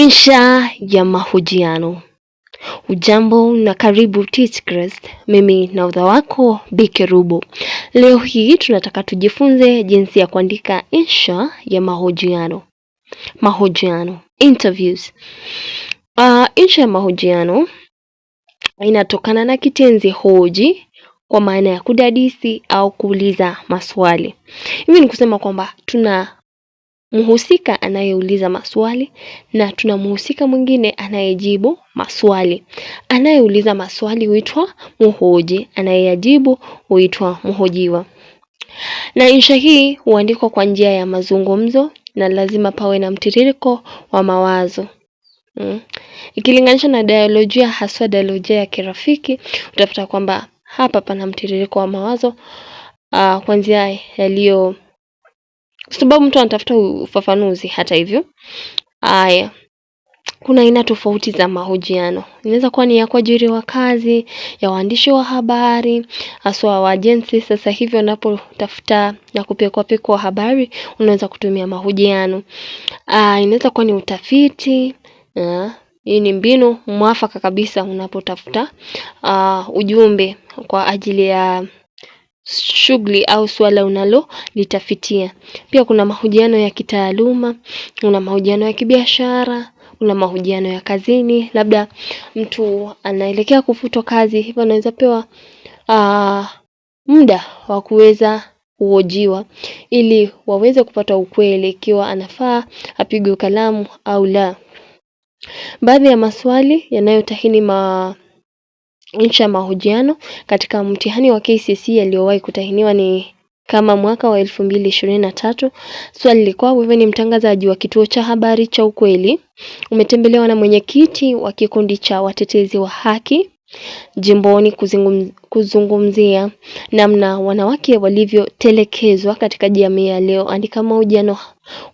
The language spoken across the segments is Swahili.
Insha ya mahojiano. Ujambo na karibu Teachkrest. Mimi na udha wako Bikerubo. Leo hii tunataka tujifunze jinsi ya kuandika insha ya mahojiano. Mahojiano, interviews. Uh, insha ya mahojiano inatokana na kitenzi hoji kwa maana ya kudadisi au kuuliza maswali. Hivi ni kusema kwamba tuna mhusika anayeuliza maswali na tuna mhusika mwingine anayejibu maswali. Anayeuliza maswali huitwa mhoji, anayeyajibu huitwa mhojiwa. Na insha hii huandikwa kwa njia ya mazungumzo na lazima pawe na mtiririko wa mawazo. hmm. Ikilinganisha na dialojia haswa dialojia ya kirafiki utapata kwamba hapa pana mtiririko wa mawazo uh, ah, njia yaliyo kwa sababu mtu anatafuta ufafanuzi. Hata hivyo, haya kuna aina tofauti za mahojiano. Inaweza kuwa ni ya kuajiri wa kazi, ya waandishi wa habari, haswa wajensi. Sasa hivi wanapotafuta na kupekuapekua habari, unaweza kutumia mahojiano. Ah, inaweza kuwa ni utafiti. Ah, hii ni mbinu mwafaka kabisa unapotafuta ah, ujumbe kwa ajili ya shughuli au swala unalolitafitia Pia kuna mahojiano ya kitaaluma, kuna mahojiano ya kibiashara, kuna mahojiano ya kazini, labda mtu anaelekea kufutwa kazi, hivyo anaweza pewa muda wa kuweza kuhojiwa ili waweze kupata ukweli ikiwa anafaa apigwe kalamu au la. Baadhi ya maswali yanayotahini ma nchi ya mahojiano katika mtihani wa KCSE aliyowahi kutahiniwa ni kama mwaka wa 2023. Swali lilikuwa wewe ni mtangazaji wa kituo cha habari cha ukweli, umetembelewa na mwenyekiti wa kikundi cha watetezi wa haki jimboni kuzungum, kuzungumzia namna wanawake walivyotelekezwa katika jamii ya leo. Andika mahojiano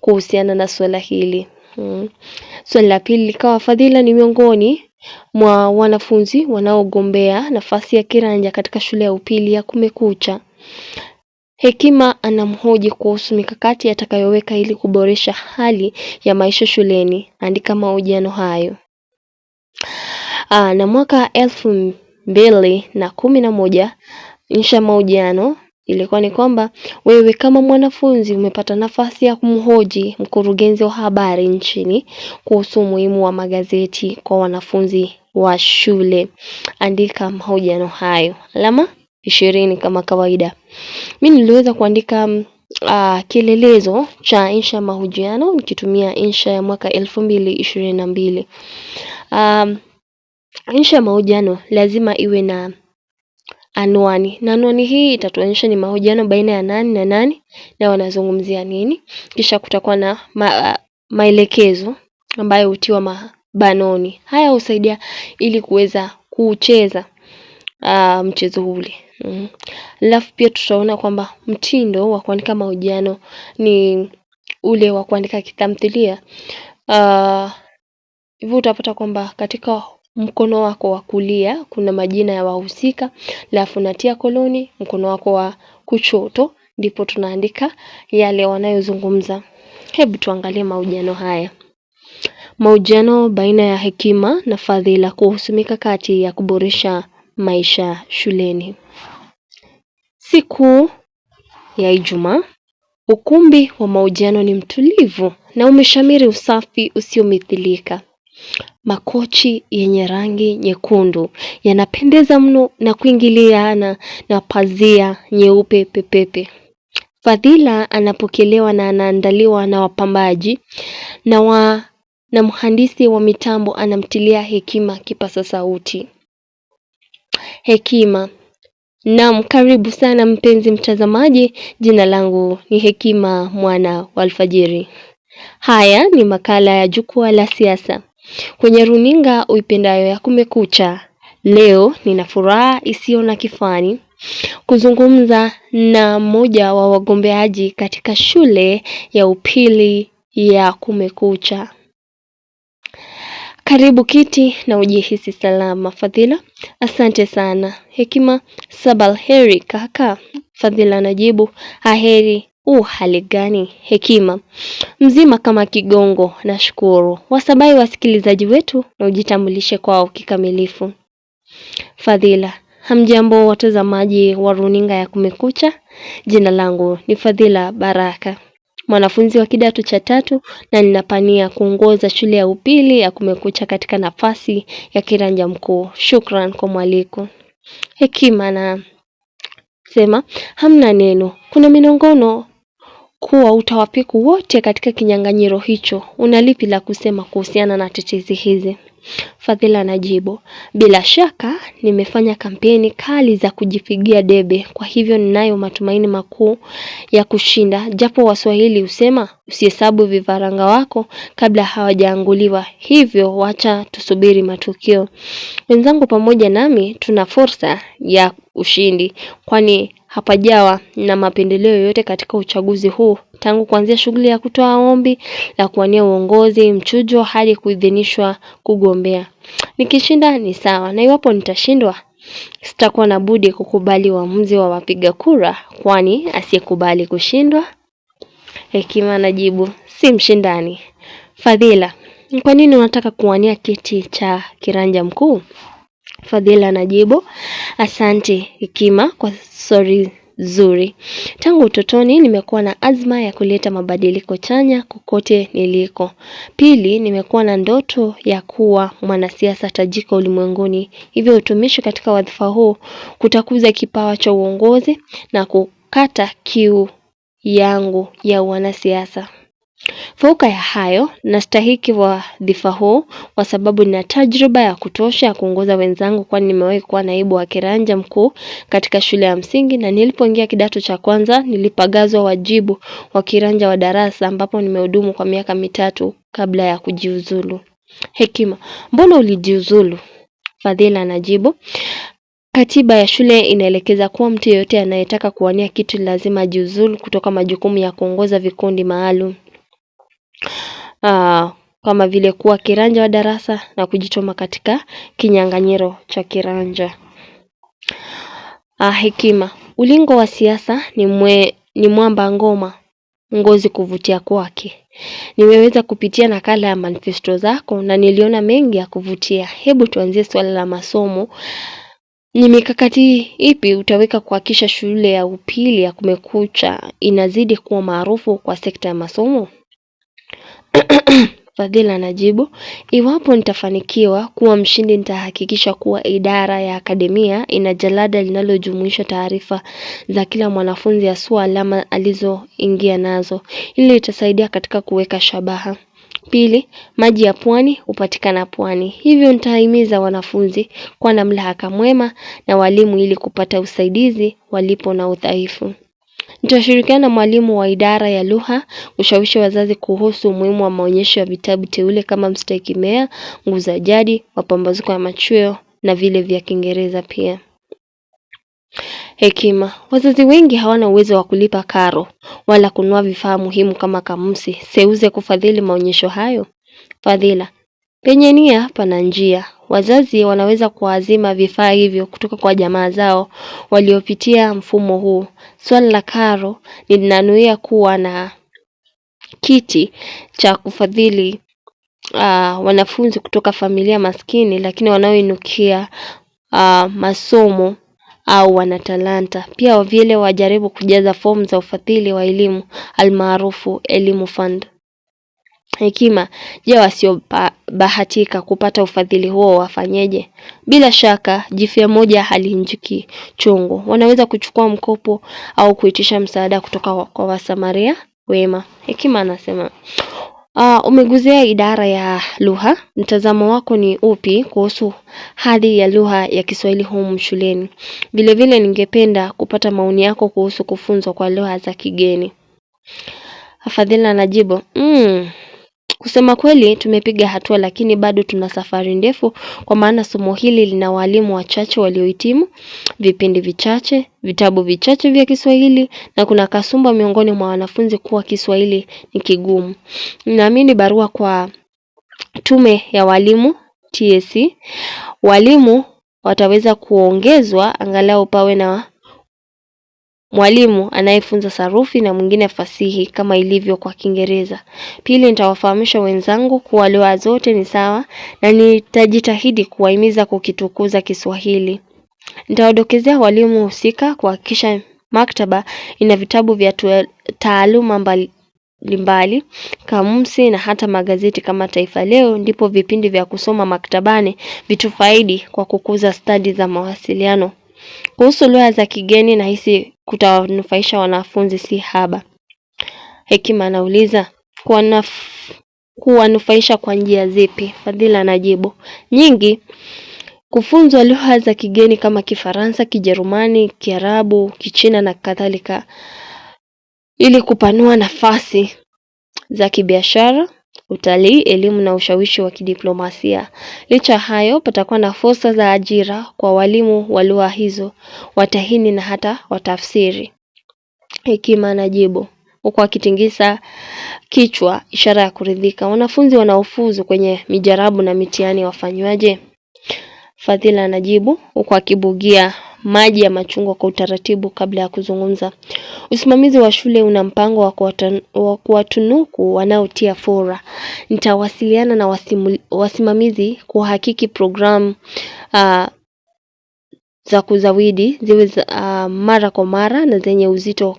kuhusiana na swala hili. Hmm. Swali la pili likawa fadhila ni miongoni mwa wanafunzi wanaogombea nafasi ya kiranja katika shule ya upili ya Kumekucha. Hekima anamhoji kuhusu mikakati atakayoweka ili kuboresha hali ya maisha shuleni. Andika mahojiano hayo. Aa, na mwaka elfu mbili na kumi na moja insha mahojiano ilikuwa ni kwamba wewe kama mwanafunzi umepata nafasi ya kumhoji mkurugenzi wa habari nchini kuhusu umuhimu wa magazeti kwa wanafunzi wa shule. Andika mahojiano hayo. Alama ishirini kama kawaida. Mimi niliweza kuandika uh, kielelezo cha insha ya mahojiano nikitumia insha ya mwaka elfu mbili ishirini na mbili. Um, insha ya mahojiano lazima iwe na anwani na anwani hii itatuonyesha ni mahojiano baina ya nani na nani na wanazungumzia nini. Kisha kutakuwa na ma, maelekezo ambayo hutiwa mabanoni. Haya husaidia ili kuweza kucheza uh, mchezo ule. Mm. Alafu mm. pia tutaona kwamba mtindo wa kuandika mahojiano ni ule wa kuandika kitamthilia. Hivyo uh, utapata kwamba katika mkono wako wa kulia kuna majina ya wahusika, alafu unatia koloni mkono wako wa kushoto, ndipo tunaandika yale wanayozungumza. Hebu tuangalie mahojiano haya. Mahojiano baina ya Hekima na Fadhila kuhusu mikakati ya kuboresha maisha shuleni. Siku ya Ijumaa. Ukumbi wa mahojiano ni mtulivu na umeshamiri usafi usiomithilika. Makochi yenye rangi nyekundu yanapendeza mno na kuingiliana na pazia nyeupe pepepe. Fadhila anapokelewa na anaandaliwa na wapambaji na mhandisi wa mitambo anamtilia hekima kipasa sauti. Hekima. Naam, karibu sana mpenzi mtazamaji, jina langu ni Hekima Mwana wa Alfajiri. Haya ni makala ya Jukwaa la Siasa. Kwenye runinga uipendayo ya Kumekucha, leo nina furaha isiyo na kifani kuzungumza na mmoja wa wagombeaji katika shule ya upili ya Kumekucha. Karibu kiti na ujihisi salama. Fadhila: asante sana. Hekima: heri kaka. Fadhila anajibu: aheri U hali gani? Hekima mzima kama kigongo, nashukuru. Wasabahi wasikilizaji wetu na ujitambulishe kwao kikamilifu. Fadhila. Hamjambo watazamaji wa runinga ya Kumekucha, jina langu ni Fadhila Baraka, mwanafunzi wa kidato cha tatu na ninapania kuongoza shule ya upili ya Kumekucha katika nafasi ya kiranja mkuu. Shukran kwa mwaliko. Hekima na sema hamna neno, kuna minongono kuwa utawapiku wote katika kinyang'anyiro hicho. Una lipi la kusema kuhusiana na tetezi hizi? Fadhila anajibu, bila shaka nimefanya kampeni kali za kujipigia debe, kwa hivyo ninayo matumaini makuu ya kushinda, japo Waswahili husema usihesabu vifaranga wako kabla hawajaanguliwa, hivyo wacha tusubiri matukio. Wenzangu pamoja nami tuna fursa ya ushindi, kwani hapajawa na mapendeleo yoyote katika uchaguzi huu tangu kuanzia shughuli ya kutoa ombi la kuwania uongozi mchujo hadi kuidhinishwa kugombea. Nikishinda ni sawa, na iwapo nitashindwa sitakuwa na budi kukubali uamuzi wa wapiga kura, kwani asiyekubali kushindwa hekima anajibu, si mshindani. Fadhila: Kwa nini unataka kuwania kiti cha kiranja mkuu? Fadhila anajibu, asante Hekima kwa sori zuri. Tangu utotoni nimekuwa na azma ya kuleta mabadiliko chanya kokote niliko. Pili, nimekuwa na ndoto ya kuwa mwanasiasa tajika ulimwenguni. Hivyo utumishi katika wadhifa huu kutakuza kipawa cha uongozi na kukata kiu yangu ya wanasiasa Fauka ya hayo, nastahiki wadhifa huu kwa sababu nina tajriba ya kutosha ya kuongoza wenzangu kwani nimewahi kuwa naibu wa kiranja mkuu katika shule ya msingi na nilipoingia kidato cha kwanza nilipagazwa wajibu wa kiranja wa darasa ambapo nimehudumu kwa miaka mitatu kabla ya kujiuzulu. Hekima, mbona ulijiuzulu? Fadhila anajibu, katiba ya shule inaelekeza kuwa mtu yeyote anayetaka kuwania kitu lazima ajiuzulu kutoka majukumu ya kuongoza vikundi maalum. Ah, kama vile kuwa kiranja wa darasa na kujituma katika kinyang'anyiro cha kiranja. Ah, hekima: ulingo wa siasa ni mwamba ngoma ngozi kuvutia kwake. Nimeweza kupitia nakala ya manifesto zako na niliona mengi ya kuvutia. Hebu tuanzie suala la masomo. Ni mikakati ipi utaweka kuhakikisha shule ya upili ya Kumekucha inazidi kuwa maarufu kwa sekta ya masomo? Fadhila anajibu, iwapo nitafanikiwa kuwa mshindi nitahakikisha kuwa idara ya akademia ina jalada linalojumuisha taarifa za kila mwanafunzi haswa alama alizoingia nazo. ili itasaidia katika kuweka shabaha. Pili, maji ya pwani hupatikana pwani. Hivyo nitahimiza wanafunzi kuwa na mlahaka mwema na walimu ili kupata usaidizi walipo na udhaifu. Nitashirikiana na mwalimu wa idara ya lugha kushawishi wazazi kuhusu umuhimu wa maonyesho ya vitabu teule kama Mstahiki Meya, Nguvu za Jadi, Mapambazuko ya Machweo na vile vya Kiingereza pia. Hekima. Wazazi wengi hawana uwezo wa kulipa karo wala kununua vifaa muhimu kama kamusi, seuze kufadhili maonyesho hayo. Fadhila. Penye nia pana njia. Wazazi wanaweza kuwaazima vifaa hivyo kutoka kwa jamaa zao waliopitia mfumo huu. Swali la karo linanuia kuwa na kiti cha kufadhili ah, wanafunzi kutoka familia maskini lakini wanaoinukia ah, masomo au wana talanta. Pia vile wajaribu kujaza fomu za ufadhili wa elimu almaarufu Elimu Fund hekima, je, wasiobahatika kupata ufadhili huo wafanyeje? Bila shaka jipya moja haliinjiki chungu. Wanaweza kuchukua mkopo au kuitisha msaada kutoka kwa Wasamaria wema. Hekima anasema Uh, ah, umeguzia idara ya lugha. Mtazamo wako ni upi kuhusu hadhi ya lugha ya Kiswahili humu shuleni? Vilevile ningependa kupata maoni yako kuhusu kufunzwa kwa lugha za kigeni. Fadhila anajibu mm, Kusema kweli tumepiga hatua lakini bado tuna safari ndefu kwa maana somo hili lina walimu wachache waliohitimu, vipindi vichache, vitabu vichache vya Kiswahili na kuna kasumba miongoni mwa wanafunzi kuwa Kiswahili ni kigumu. Naamini barua kwa Tume ya Walimu TSC, e, walimu wataweza kuongezwa angalau pawe na Mwalimu anayefunza sarufi na mwingine fasihi kama ilivyo kwa Kiingereza. Pili nitawafahamisha wenzangu kuwa lugha zote ni sawa na nitajitahidi kuwahimiza kukitukuza Kiswahili. Nitawadokezea walimu husika kuhakikisha maktaba ina vitabu vya taaluma mbalimbali, kamusi na hata magazeti kama Taifa Leo ndipo vipindi vya kusoma maktabani vitufaidi kwa kukuza stadi za mawasiliano. Kuhusu lugha za kigeni nahisi kutawanufaisha wanafunzi si haba. Hekima anauliza kuwanufaisha kwa njia zipi? Fadhila anajibu nyingi. Kufunzwa lugha za kigeni kama Kifaransa, Kijerumani, Kiarabu, Kichina na kadhalika ili kupanua nafasi za kibiashara utalii, elimu na ushawishi wa kidiplomasia. Licha ya hayo, patakuwa na fursa za ajira kwa walimu wa lugha hizo, watahini na hata watafsiri. Hekima na jibu huku akitingisa kichwa ishara ya kuridhika. Wanafunzi wanaofuzu kwenye mijarabu na mitihani wafanywaje? Fadhila anajibu huku akibugia maji ya machungwa kwa utaratibu kabla ya kuzungumza. Usimamizi wa shule una mpango wa kuwatunuku wanaotia fora. Nitawasiliana na wasimamizi kuhakiki programu uh, za kuzawidi ziwe uh, mara kwa mara na zenye uzito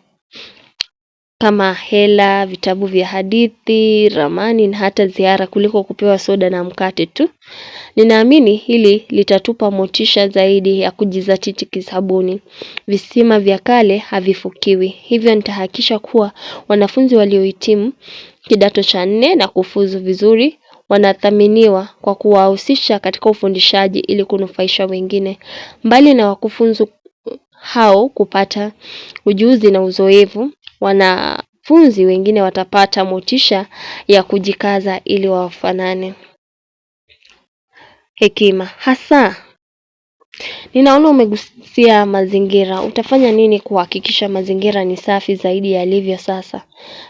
kama hela, vitabu vya hadithi, ramani na hata ziara kuliko kupewa soda na mkate tu. Ninaamini hili litatupa motisha zaidi ya kujizatiti kisabuni. Visima vya kale havifukiwi. Hivyo nitahakisha kuwa wanafunzi waliohitimu kidato cha nne na kufuzu vizuri wanathaminiwa kwa kuwahusisha katika ufundishaji ili kunufaisha wengine. Mbali na wakufunzi hao kupata ujuzi na uzoevu, wanafunzi wengine watapata motisha ya kujikaza ili wafanane. Hekima hasa Ninaona umegusia mazingira. Utafanya nini kuhakikisha mazingira ni safi zaidi yalivyo sasa?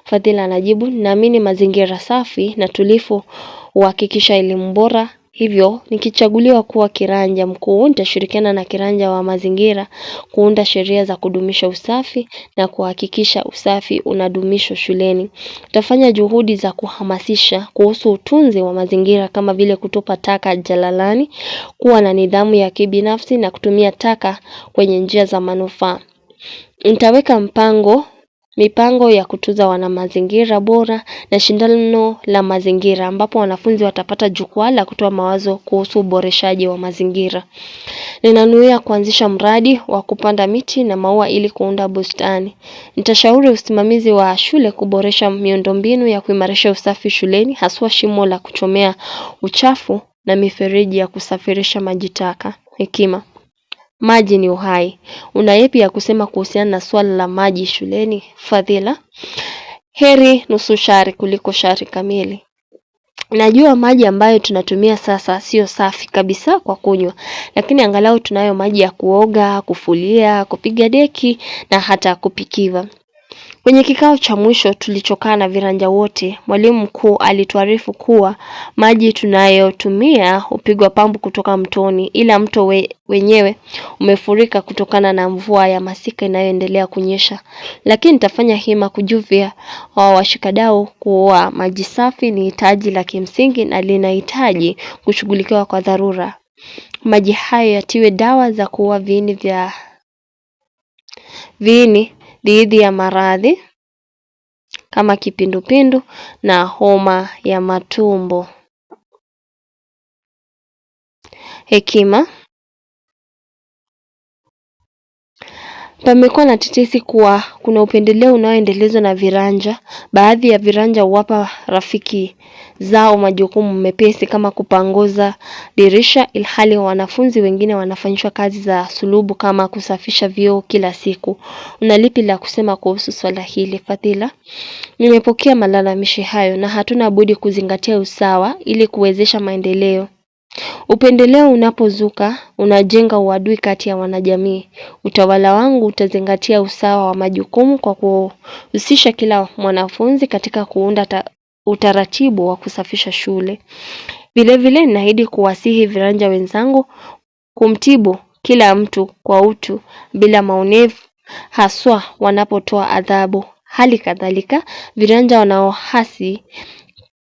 Fadhila anajibu, naamini mazingira safi na tulivu huhakikisha elimu bora Hivyo nikichaguliwa kuwa kiranja mkuu nitashirikiana na kiranja wa mazingira kuunda sheria za kudumisha usafi na kuhakikisha usafi unadumishwa shuleni. Nitafanya juhudi za kuhamasisha kuhusu utunzi wa mazingira kama vile kutupa taka jalalani, kuwa na nidhamu ya kibinafsi na kutumia taka kwenye njia za manufaa. Nitaweka mpango mipango ya kutuza wana mazingira bora na shindano la mazingira ambapo wanafunzi watapata jukwaa la kutoa mawazo kuhusu uboreshaji wa mazingira. Ninanuia kuanzisha mradi wa kupanda miti na maua ili kuunda bustani. Nitashauri usimamizi wa shule kuboresha miundombinu ya kuimarisha usafi shuleni haswa shimo la kuchomea uchafu na mifereji ya kusafirisha maji taka. Hekima Maji ni uhai. Una yepi ya kusema kuhusiana na swala la maji shuleni? Fadhila: heri nusu shari kuliko shari kamili. Najua maji ambayo tunatumia sasa sio safi kabisa kwa kunywa, lakini angalau tunayo maji ya kuoga, kufulia, kupiga deki na hata kupikiwa. Kwenye kikao cha mwisho tulichokaa na viranja wote, mwalimu mkuu alituarifu kuwa maji tunayotumia hupigwa pambu kutoka mtoni ila mto wenyewe umefurika kutokana na mvua ya masika inayoendelea kunyesha, lakini nitafanya hima kujuvia wa washikadau kuwa maji safi ni hitaji la kimsingi na linahitaji kushughulikiwa kwa dharura. Maji hayo yatiwe dawa za kuua viini vya viini dhidi ya maradhi kama kipindupindu na homa ya matumbo. Hekima Pamekuwa na tetesi kuwa kuna upendeleo unaoendelezwa na viranja. Baadhi ya viranja huwapa rafiki zao majukumu mepesi kama kupanguza dirisha ilhali wanafunzi wengine wanafanyishwa kazi za sulubu kama kusafisha vyoo kila siku. Una lipi la kusema kuhusu swala hili Fadhila? Nimepokea malalamishi hayo na hatuna budi kuzingatia usawa ili kuwezesha maendeleo. Upendeleo unapozuka unajenga uadui kati ya wanajamii. Utawala wangu utazingatia usawa wa majukumu kwa kuhusisha kila mwanafunzi katika kuunda utaratibu wa kusafisha shule. Vilevile naahidi kuwasihi viranja wenzangu kumtibu kila mtu kwa utu bila maonevu haswa wanapotoa adhabu. Hali kadhalika, viranja wanaohasi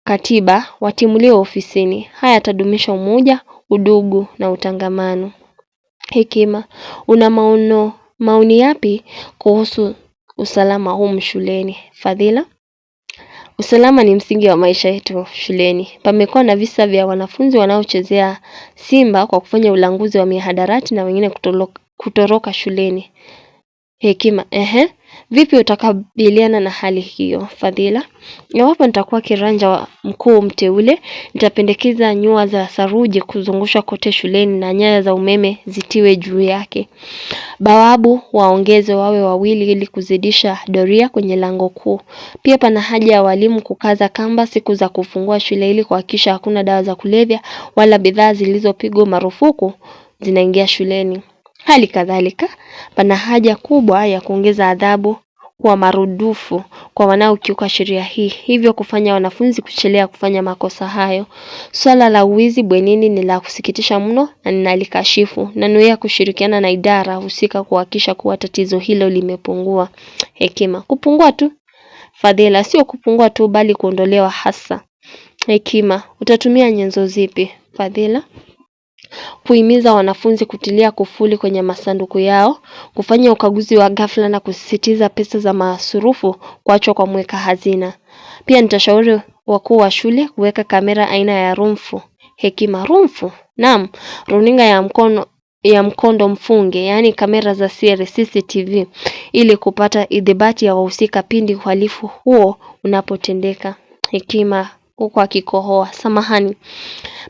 katiba watimuliwe ofisini. Haya yatadumisha umoja, udugu na utangamano. Hekima: una maono maoni yapi kuhusu usalama humu shuleni? Fadhila: usalama ni msingi wa maisha yetu shuleni. Pamekuwa na visa vya wanafunzi wanaochezea simba kwa kufanya ulanguzi wa mihadarati na wengine kutoroka shuleni. Hekima: ehe, Vipi utakabiliana na hali hiyo? Fadhila: iwapo nitakuwa kiranja mkuu mteule, nitapendekeza nyua za saruji kuzungushwa kote shuleni na nyaya za umeme zitiwe juu yake. Bawabu waongeze wawe wawili ili kuzidisha doria kwenye lango kuu. Pia pana haja ya walimu kukaza kamba siku za kufungua shule ili kuhakikisha hakuna dawa za kulevya wala bidhaa zilizopigwa marufuku zinaingia shuleni. Hali kadhalika, pana haja kubwa ya kuongeza adhabu kuwa marudufu kwa wanaokiuka sheria hii, hivyo kufanya wanafunzi kuchelea kufanya makosa hayo. swala la uwizi bwenini ni la kusikitisha mno na ninalikashifu. Nanuia kushirikiana na idara husika kuhakikisha kuwa tatizo hilo limepungua. Hekima: kupungua tu fadhila, sio kupungua tu bali kuondolewa hasa. Hekima: utatumia nyenzo zipi? Fadhila Kuhimiza wanafunzi kutilia kufuli kwenye masanduku yao, kufanya ukaguzi wa ghafla na kusisitiza pesa za masurufu kuachwa kwa mweka hazina. Pia nitashauri wakuu wa shule kuweka kamera aina ya rumfu. Hekima rumfu? Naam, runinga ya mkono ya mkondo mfunge yaani kamera za siri CCTV ili kupata idhibati ya wahusika pindi uhalifu huo unapotendeka. Hekima huku akikohoa, samahani,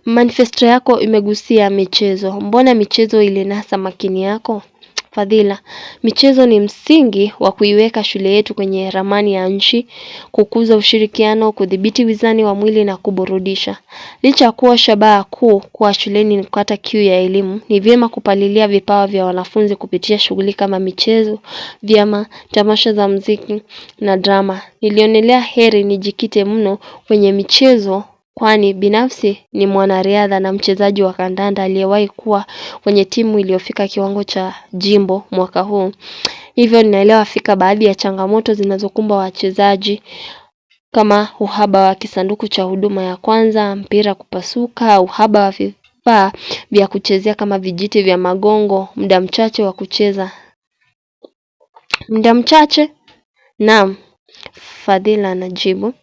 manifesto yako imegusia michezo, mbona michezo ilinasa makini yako? fadhila. Michezo ni msingi wa kuiweka shule yetu kwenye ramani ya nchi, kukuza ushirikiano, kudhibiti wizani wa mwili na kuburudisha. Licha ya kuwa shabaha kuu kuwa shuleni ni kukata kiu ya elimu, ni vyema kupalilia vipawa vya wanafunzi kupitia shughuli kama michezo, vyama, tamasha za muziki na drama. Nilionelea heri nijikite mno kwenye michezo kwani binafsi ni mwanariadha na mchezaji wa kandanda aliyewahi kuwa kwenye timu iliyofika kiwango cha jimbo mwaka huu. Hivyo ninaelewa fika baadhi ya changamoto zinazokumba wachezaji kama uhaba wa kisanduku cha huduma ya kwanza, mpira kupasuka, uhaba wa vifaa vya kuchezea kama vijiti vya magongo, muda mchache wa kucheza. Muda mchache? Naam, Fadhila anajibu.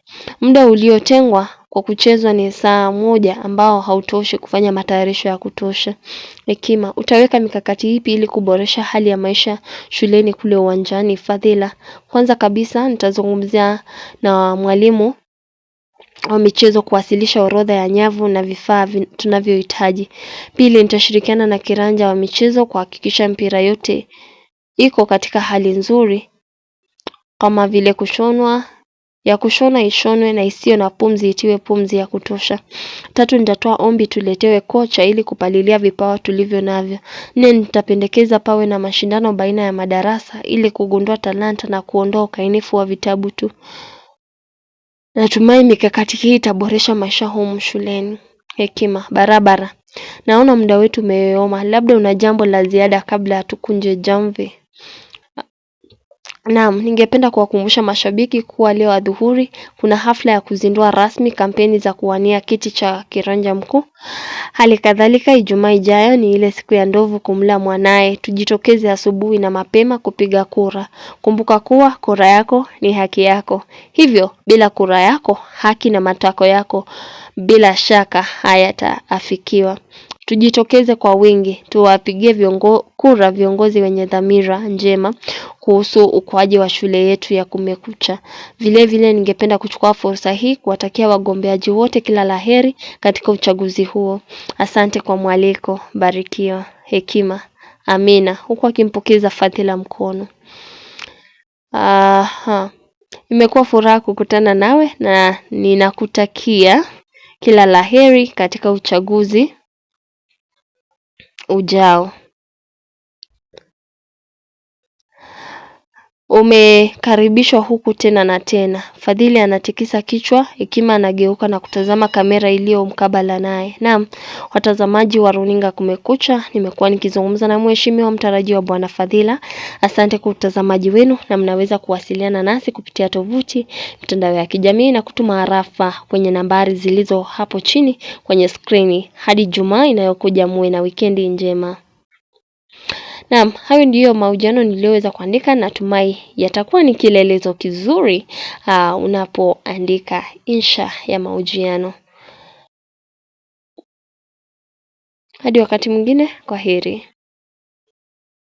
Muda uliotengwa kwa kuchezwa ni saa moja ambao hautoshi kufanya matayarisho ya kutosha. Hekima, utaweka mikakati ipi ili kuboresha hali ya maisha shuleni kule uwanjani? Fadhila, kwanza kabisa nitazungumzia na mwalimu wa michezo kuwasilisha orodha ya nyavu na vifaa tunavyohitaji. Pili, nitashirikiana na kiranja wa michezo kuhakikisha mpira yote iko katika hali nzuri kama vile kushonwa ya kushona ishonwe na isiyo na pumzi itiwe pumzi ya kutosha. Tatu, nitatoa ombi tuletewe kocha ili kupalilia vipawa tulivyo navyo. Nne, nitapendekeza pawe na mashindano baina ya madarasa ili kugundua talanta na kuondoa ukainifu wa vitabu tu. Natumai mikakati hii itaboresha maisha humu shuleni. Hekima barabara. Naona muda wetu umeoma, labda una jambo la ziada kabla hatukunje jamvi. Naam, ningependa kuwakumbusha mashabiki kuwa leo adhuhuri kuna hafla ya kuzindua rasmi kampeni za kuwania kiti cha kiranja mkuu. Hali kadhalika Ijumaa ijayo ni ile siku ya ndovu kumla mwanaye. Tujitokeze asubuhi na mapema kupiga kura. Kumbuka kuwa kura yako ni haki yako. Hivyo bila kura yako, haki na matako yako bila shaka hayataafikiwa. Tujitokeze kwa wingi tuwapigie kura viongozi wenye dhamira njema kuhusu ukuaji wa shule yetu ya Kumekucha. Vilevile ningependa kuchukua fursa hii kuwatakia wagombeaji wote kila la heri katika uchaguzi huo. Asante kwa mwaliko. Barikiwa. Hekima. Amina huku akimpokeza Fadhila mkono. Aha. Imekuwa furaha kukutana nawe na ninakutakia kila la heri katika uchaguzi ujao umekaribishwa huku tena na tena. Fadhili anatikisa kichwa, Hekima anageuka na kutazama kamera iliyo mkabala naye. Naam, watazamaji wa runinga Kumekucha, nimekuwa nikizungumza na mheshimiwa mtarajiwa Bwana Fadhila. Asante kwa utazamaji wenu, na mnaweza kuwasiliana nasi kupitia tovuti, mitandao ya kijamii na kutuma arafa kwenye nambari zilizo hapo chini kwenye skrini. Hadi Jumaa inayokuja, muwe na wikendi njema. Naam hayo ndiyo mahojiano niliyoweza kuandika natumai yatakuwa ni kielelezo kizuri ah, unapoandika insha ya mahojiano. Hadi wakati mwingine kwaheri.